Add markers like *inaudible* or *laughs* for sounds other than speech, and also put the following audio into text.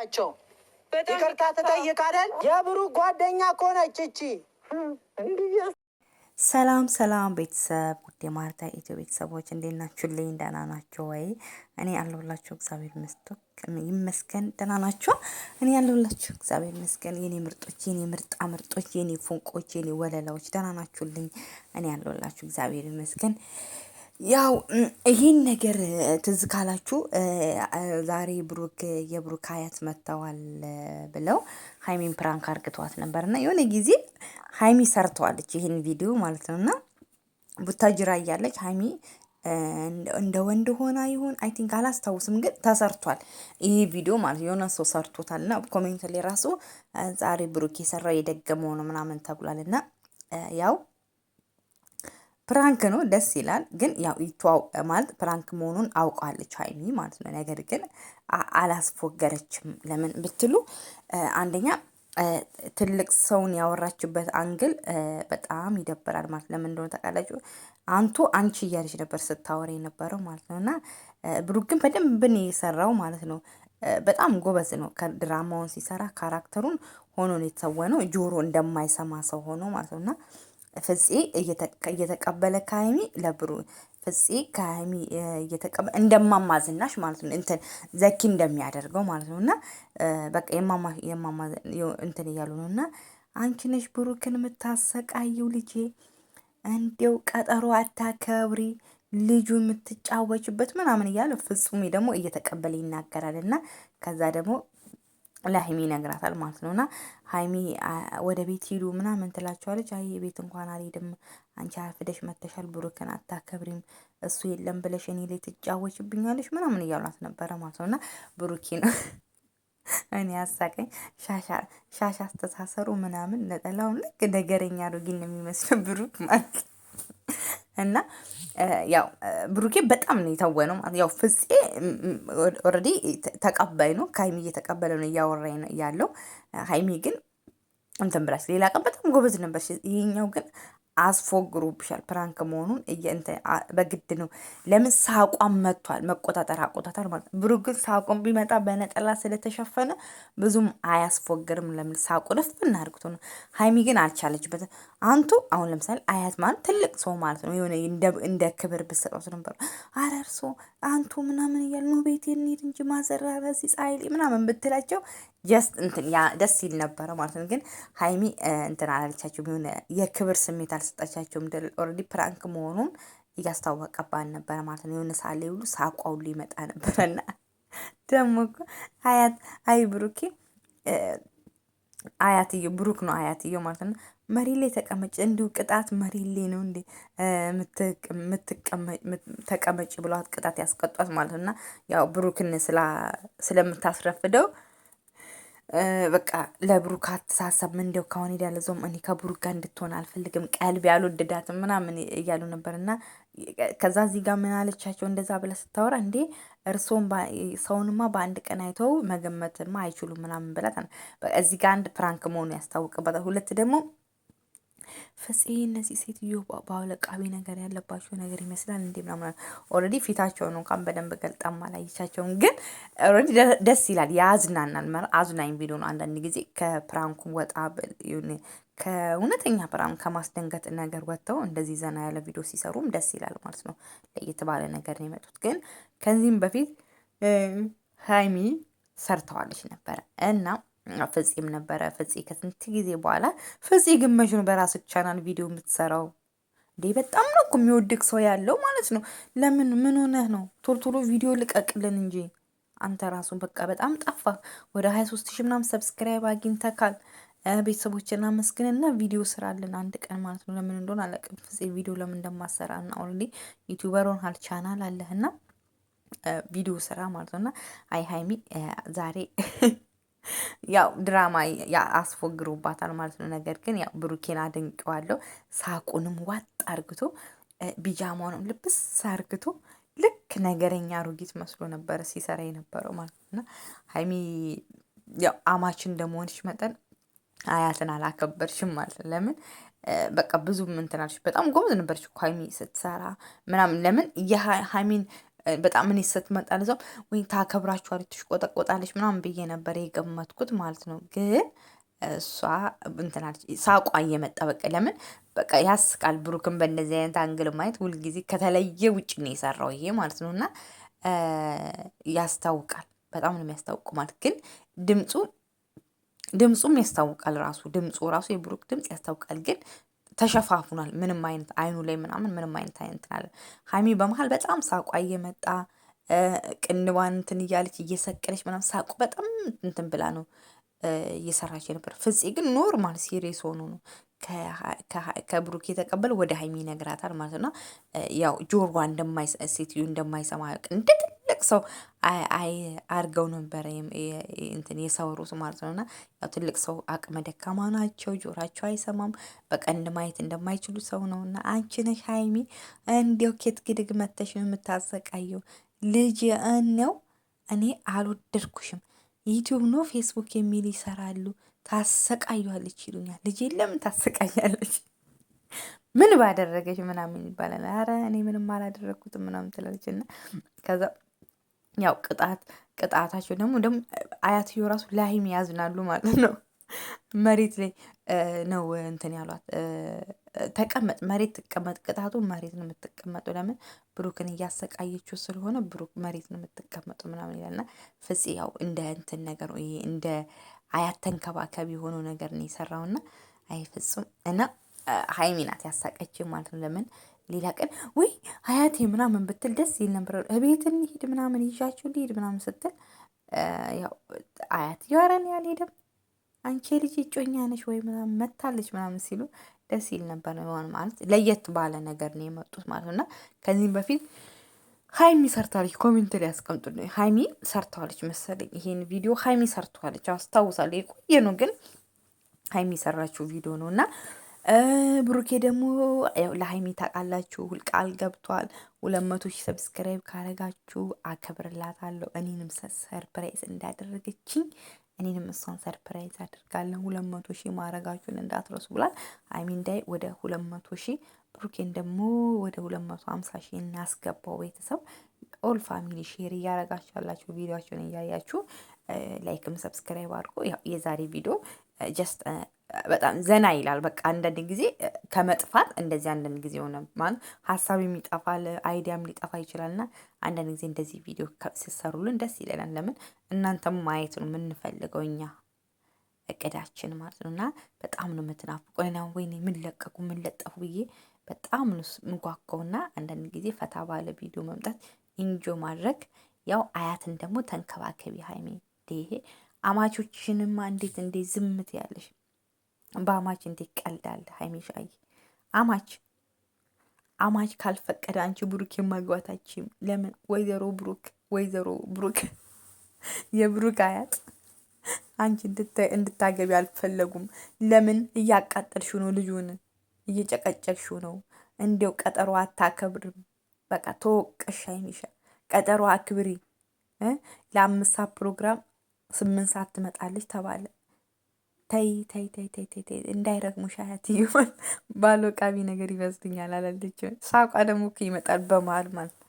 ናቸው። ይቅርታ ትጠይቃለን። የብሩ ጓደኛ ከሆነች እቺ ሰላም ሰላም ቤተሰብ ውድ ማርታ ኢትዮ ቤተሰቦች እንዴት ናችሁልኝ? ደህና ናቸው ወይ? እኔ ያለሁላችሁ እግዚአብሔር ይመስገን። ደህና ናቸው። እኔ ያለሁላችሁ እግዚአብሔር ይመስገን። የኔ ምርጦች፣ የኔ ምርጣ ምርጦች፣ የኔ ፉንቆች፣ የኔ ወለላዎች ደህና ናችሁልኝ? እኔ ያለሁላችሁ እግዚአብሔር ይመስገን። ያው ይህን ነገር ትዝ ካላችሁ ዛሬ ብሩክ የብሩክ አያት መጥተዋል ብለው ሀይሚን ፕራንክ አርግተዋት ነበር እና የሆነ ጊዜ ሀይሚ ሰርተዋለች ይህን ቪዲዮ ማለት ነው። እና ቡታጅራ እያለች ሀይሚ እንደ ወንድ ሆና ይሁን አይ ቲንክ አላስታውስም፣ ግን ተሰርቷል ይህ ቪዲዮ ማለት የሆነ ሰው ሰርቶታል። እና ኮሜንት ላይ ራሱ ዛሬ ብሩክ የሰራው የደገመው ነው ምናምን ተብሏል እና ያው ፕራንክ ነው፣ ደስ ይላል። ግን ያው ይተዋው ማለት ፕራንክ መሆኑን አውቃለች ሀይሚ ማለት ነው። ነገር ግን አላስፎገረችም። ለምን ብትሉ አንደኛ ትልቅ ሰውን ያወራችበት አንግል በጣም ይደብራል ማለት ለምን እንደሆነ ታውቃላችሁ። አንቱ አንቺ እያለች ነበር ስታወር የነበረው ማለት ነው። እና ብሩክ ግን በደንብ ነው የሰራው ማለት ነው። በጣም ጎበዝ ነው። ከድራማውን ሲሰራ ካራክተሩን ሆኖ ነው የተሰወነው። ጆሮ እንደማይሰማ ሰው ሆኖ ማለት ነው እና ፍፄ እየተቀበለ ከሀይሚ ለብሩ ፍፄ ከሀይሚ እየተቀበለ እንደማማዝናሽ ማለት ነው እንትን ዘኪ እንደሚያደርገው ማለት ነው። እና በቃ የማማ የማማ እንትን እያሉ ነው። እና አንቺ ነሽ ብሩክን የምታሰቃየው ልጄ፣ እንዲው ቀጠሮ አታከብሪ ልጁ የምትጫወችበት ምናምን እያለ ፍጹሜ ደግሞ እየተቀበለ ይናገራል። እና ከዛ ደግሞ ለሀይሚ ይነግራታል ማለት ነው። እና ሀይሚ ወደ ቤት ሂዱ ምናምን ትላቸዋለች። አይ ቤት እንኳን አልሄድም፣ አንቺ አርፍደሽ መተሻል፣ ብሩክን አታከብሪም፣ እሱ የለም ብለሽ እኔ ላይ ትጫወችብኛለች ምናምን እያሏት ነበረ ማለት ነው። እና ብሩኪ ነው *laughs* እኔ አሳቀኝ። ሻሻ አስተሳሰሩ ምናምን ነጠላውን ልክ ነገረኛ አሮጊን የሚመስል ብሩክ ማለት ነው። እና ያው ብሩኬ በጣም ነው የተወነው። ያው ፍፄ ኦልሬዲ ተቀባይ ነው፣ ከሀይሚ እየተቀበለ ነው እያወራ ያለው። ሀይሚ ግን እንትን ብላች ሌላ ቀን በጣም ጎበዝ ነበር ይሄኛው ግን አስፎግሩብሻል። ፕራንክ መሆኑን እየእንተ በግድ ነው። ለምን ሳቋም መጥቷል፣ መቆጣጠር አቆጣታል ማለት ነው። ብሩ ግን ሳቁም ቢመጣ በነጠላ ስለተሸፈነ ብዙም አያስፎግርም። ለምን ሳቁ ደፍ እናድርግቶ ነው። ሀይሚ ግን አልቻለችበት። አንቱ አሁን ለምሳሌ አያት ማለት ትልቅ ሰው ማለት ነው። የሆነ እንደ ክብር ብሰጠት ነበር ኧረ እርሶ አንቱ ምናምን እያል ነው ቤት እንሂድ እንጂ ማዘራረ ፀሐይ ምናምን ብትላቸው ጀስት እንትን ያ ደስ ይል ነበረ ማለት ነው። ግን ሀይሚ እንትን አላለቻቸው የሆነ የክብር ስሜት አልሰ አልሰጠቻቸውም። ኦልሬዲ ፕራንክ መሆኑን እያስታወቀባን ነበረ ማለት ነው። የሆነ ሳሌ ሁሉ ሳቋ ሁሉ ይመጣ ነበረና ደግሞ አያት አይ ብሩኬ አያትዮ ብሩክ ነው አያትዮ ማለት ነው። መሪ ላይ ተቀመጭ እንዲሁ ቅጣት መሪ ላይ ነው እንዴ ተቀመጭ ብለዋት ቅጣት ያስቀጧት ማለት ነውና ያው ብሩክን ስለምታስረፍደው በቃ ለብሩክ አተሳሰብ ምንደው ከሆን ከሆነ ሄዳ ለዞም እኔ ከብሩክ ጋር እንድትሆን አልፈልግም፣ ቀልብ ያልወደዳትም ምናምን እያሉ ነበር እና ከዛ እዚህ ጋር ምን አለቻቸው እንደዛ ብለ ስታወራ እንዴ እርስዎም ሰውንማ በአንድ ቀን አይተው መገመትማ አይችሉም ምናምን ብላት፣ እዚህ ጋር አንድ ፕራንክ መሆኑ ያስታውቅበታል። ሁለት ደግሞ ፍፄ እነዚህ ሴትዮ በአውለቃቢ ነገር ያለባቸው ነገር ይመስላል እንዴ ምናምን ኦልሬዲ ፊታቸውን እንኳን በደንብ ገልጣም አላየቻቸውም፣ ግን ኦልሬዲ ደስ ይላል፣ ያዝናናል። አዝናኝ ቪዲዮ ነው። አንዳንድ ጊዜ ከፕራንኩ ወጣ ከእውነተኛ ፕራንክ ከማስደንገጥ ነገር ወጥተው እንደዚህ ዘና ያለ ቪዲዮ ሲሰሩም ደስ ይላል ማለት ነው። ለየት ባለ ነገር ነው የመጡት። ግን ከዚህም በፊት ሀይሚ ሰርተዋለች ነበረ እና ፍፄም ነበረ። ፍፄ ከስንት ጊዜ በኋላ ፍፄ ግን መቼ ነው በራስ ቻናል ቪዲዮ የምትሰራው? እንዴ በጣም ነው እኮ የሚወድቅ ሰው ያለው ማለት ነው። ለምን ምን ሆነህ ነው? ቶሎ ቪዲዮ ልቀቅልን እንጂ አንተ ራሱ በቃ በጣም ጠፋ። ወደ ሀያ ሶስት ሺህ ምናምን ሰብስክራይብ አግኝተካል። ቤተሰቦችና መስግንና ቪዲዮ ስራልን አንድ ቀን ማለት ነው። ለምን እንደሆነ አላውቅም። ፍፄ ቪዲዮ ለምን እንደማሰራ እና ኦልሬዲ ዩቲዩበር ሆነሃል፣ ቻናል አለህና ቪዲዮ ስራ ማለት ነው። እና አይ ሀይሚ ዛሬ ያው ድራማ አስፎግሩባታል ማለት ነው። ነገር ግን ያው ብሩኬን አድንቀዋለሁ። ሳቁንም ዋጥ አርግቶ ቢጃማውንም ልብስ አርግቶ ልክ ነገረኛ አሮጊት መስሎ ነበረ ሲሰራ የነበረው ማለት ነው። እና ሀይሚ ያው አማች እንደመሆንሽ መጠን አያትን አላከበርሽም ማለት ነው። ለምን በቃ ብዙ ምንትናልሽ በጣም ጎበዝ ነበረች እኮ ሀይሚ ስትሰራ ምናምን ለምን የሀይሚን በጣም እኔ ስትመጣ ለእዛውም ወይ ታከብራችሁ አሪፍ ትሽቆጠቆጣለች ምናምን ብዬ ነበር የገመትኩት ማለት ነው። ግን እሷ እንትን ሳቋ እየመጣ በቃ ለምን በቃ ያስቃል። ብሩክን በእንደዚህ አይነት አንግል ማየት ሁልጊዜ ከተለየ ውጭ ነው የሰራው ይሄ ማለት ነው እና ያስታውቃል። በጣም ነው የሚያስታውቁ ማለት ግን ድምፁ ድምፁም ያስታውቃል ራሱ ድምፁ ራሱ የብሩክ ድምፅ ያስታውቃል ግን ተሸፋፉናል። ምንም አይነት አይኑ ላይ ምናምን ምንም አይነት አይነት አለ። ሀይሚ በመሀል በጣም ሳቋ እየመጣ ቅንቧን እንትን እያለች እየሰቀለች ምናምን ሳቁ በጣም እንትን ብላ ነው እየሰራች የነበር። ፍፄ ግን ኖርማል ሲሪየስ ሆኖ ነው ከብሩክ የተቀበለ ወደ ሀይሚ ይነግራታል ማለት ነው። ያው ጆሮዋ ሴትዮ እንደማይሰማ እንደ ትልቅ ሰው አርገው ነበረ እንትን የሰወሩት ማለት ነውና፣ ያው ትልቅ ሰው አቅመ ደካማ ናቸው፣ ጆራቸው አይሰማም። በቀንድ ማየት እንደማይችሉ ሰው ነውና፣ አንቺ ነሽ ሀይሚ እንዲው ኬት ግድግ መተሽ የምታሰቃየው ልጅ ነው። እኔ አልወደድኩሽም። ዩቲዩብ ነው ፌስቡክ የሚል ይሰራሉ። ታሰቃያለች ይሉኛል። ልጅ ለምን ታሰቃያለች? ምን ባደረገች ምናምን ይባላል። አረ እኔ ምንም አላደረግኩትም ምናምን ትላለች እና ከዛ ያው ቅጣት ቅጣታቸው ደግሞ ደግሞ አያትዮ ራሱ ላይም ያዝናሉ ማለት ነው። መሬት ላይ ነው እንትን ያሏት። ተቀመጥ መሬት ትቀመጥ፣ ቅጣቱ መሬት ነው የምትቀመጡ። ለምን ብሩክን እያሰቃየችው ስለሆነ ብሩክ መሬት ነው የምትቀመጡ ምናምን ይላልና ፍጽ ያው እንደ እንትን ነገር ይሄ እንደ አያት ተንከባከብ የሆነው ነገር ነው የሰራውና አይፍጹም እና ሀይሚ ናት ያሳቀች ማለት ነው። ለምን ሌላ ቀን ወይ አያቴ ምናምን ብትል ደስ ይል ነበር። እቤት እንሂድ ምናምን ይዣችሁ ሊሄድ ምናምን ስትል ያው አያት ያረን ያልሄደም አንቺ ልጅ እጮኛ ነሽ ወይ ምናምን መታለች ምናምን ሲሉ ደስ ይል ነበር። ሆን ማለት ለየት ባለ ነገር ነው የመጡት ማለት ነው እና ከዚህም በፊት ሀይሚ ሰርተዋለች፣ ኮሜንት ላይ ያስቀምጡልኝ። ሀይሚ ሰርተዋለች መሰለኝ ይሄን ቪዲዮ ሀይሚ ሰርተዋለች፣ አስታውሳለሁ። የቆየ ነው ግን ሀይሚ የሰራችው ቪዲዮ ነው እና ብሩኬ ደግሞ ለሀይሚ ታውቃላችሁ፣ ቃል ገብቷል። ሁለት መቶ ሺህ ሰብስክራይብ ካረጋችሁ አከብርላታለሁ እኔንም ሰርፕራይዝ እንዳደረገችኝ እኔንም እሷን ሰርፕራይዝ አድርጋለን። ሁለት መቶ ሺህ ማድረጋችሁን እንዳትረሱ ብላል። አይሚን ዳይ ወደ ሁለት መቶ ሺህ ብሩኬን ደግሞ ወደ ሁለት መቶ ሀምሳ ሺህ እናስገባው ቤተሰብ ኦል ፋሚሊ ሼር እያረጋችሁ ያላችሁ ቪዲዮችን እያያችሁ ላይክም ሰብስክራይብ አድርጎ የዛሬ ቪዲዮ ጀስት በጣም ዘና ይላል። በቃ አንዳንድ ጊዜ ከመጥፋት እንደዚህ አንዳንድ ጊዜ ሆነ ማለት ሀሳብ የሚጠፋል አይዲያም ሊጠፋ ይችላል። እና አንዳንድ ጊዜ እንደዚህ ቪዲዮ ሲሰሩልን ደስ ይለናል። ለምን እናንተም ማየት ነው የምንፈልገው እኛ እቅዳችን ማለት ነው። እና በጣም ነው የምትናፍቁን። ወይኔ ምን ለቀቁ ምን ብዬ በጣም ነው የምጓጓው። እና አንዳንድ ጊዜ ፈታ ባለ ቪዲዮ መምጣት ኢንጆ ማድረግ ያው አያትን ደግሞ ተንከባከቢ ሀይሜ ይሄ አማቾችንማ እንዴት እንዴት ዝምት ያለሽ በአማች እንዴት ቀልዳለ? ሀይሚሻይ አማች አማች ካልፈቀደ አንቺ ብሩክ የማግባታችም ለምን? ወይዘሮ ብሩክ ወይዘሮ ብሩክ የብሩክ አያት አንቺ እንድታገቢ አልፈለጉም። ለምን? እያቃጠልሽ ነው፣ ልጁን እየጨቀጨቅሽ ነው። እንዲው ቀጠሮ አታከብርም። በቃ ተወቀሽ ሀይሚሻ፣ ቀጠሮ አክብሪ። ለአምስት ሰዓት ፕሮግራም ስምንት ሰዓት ትመጣለች ተባለ። ተይ ተይ ተይ ተይ ተይ ይሆን ባሎ ቃቢ ነገር ይመስልኛል አላለችም። ሳቋ ደግሞ እኮ ይመጣል በመሀል ማለት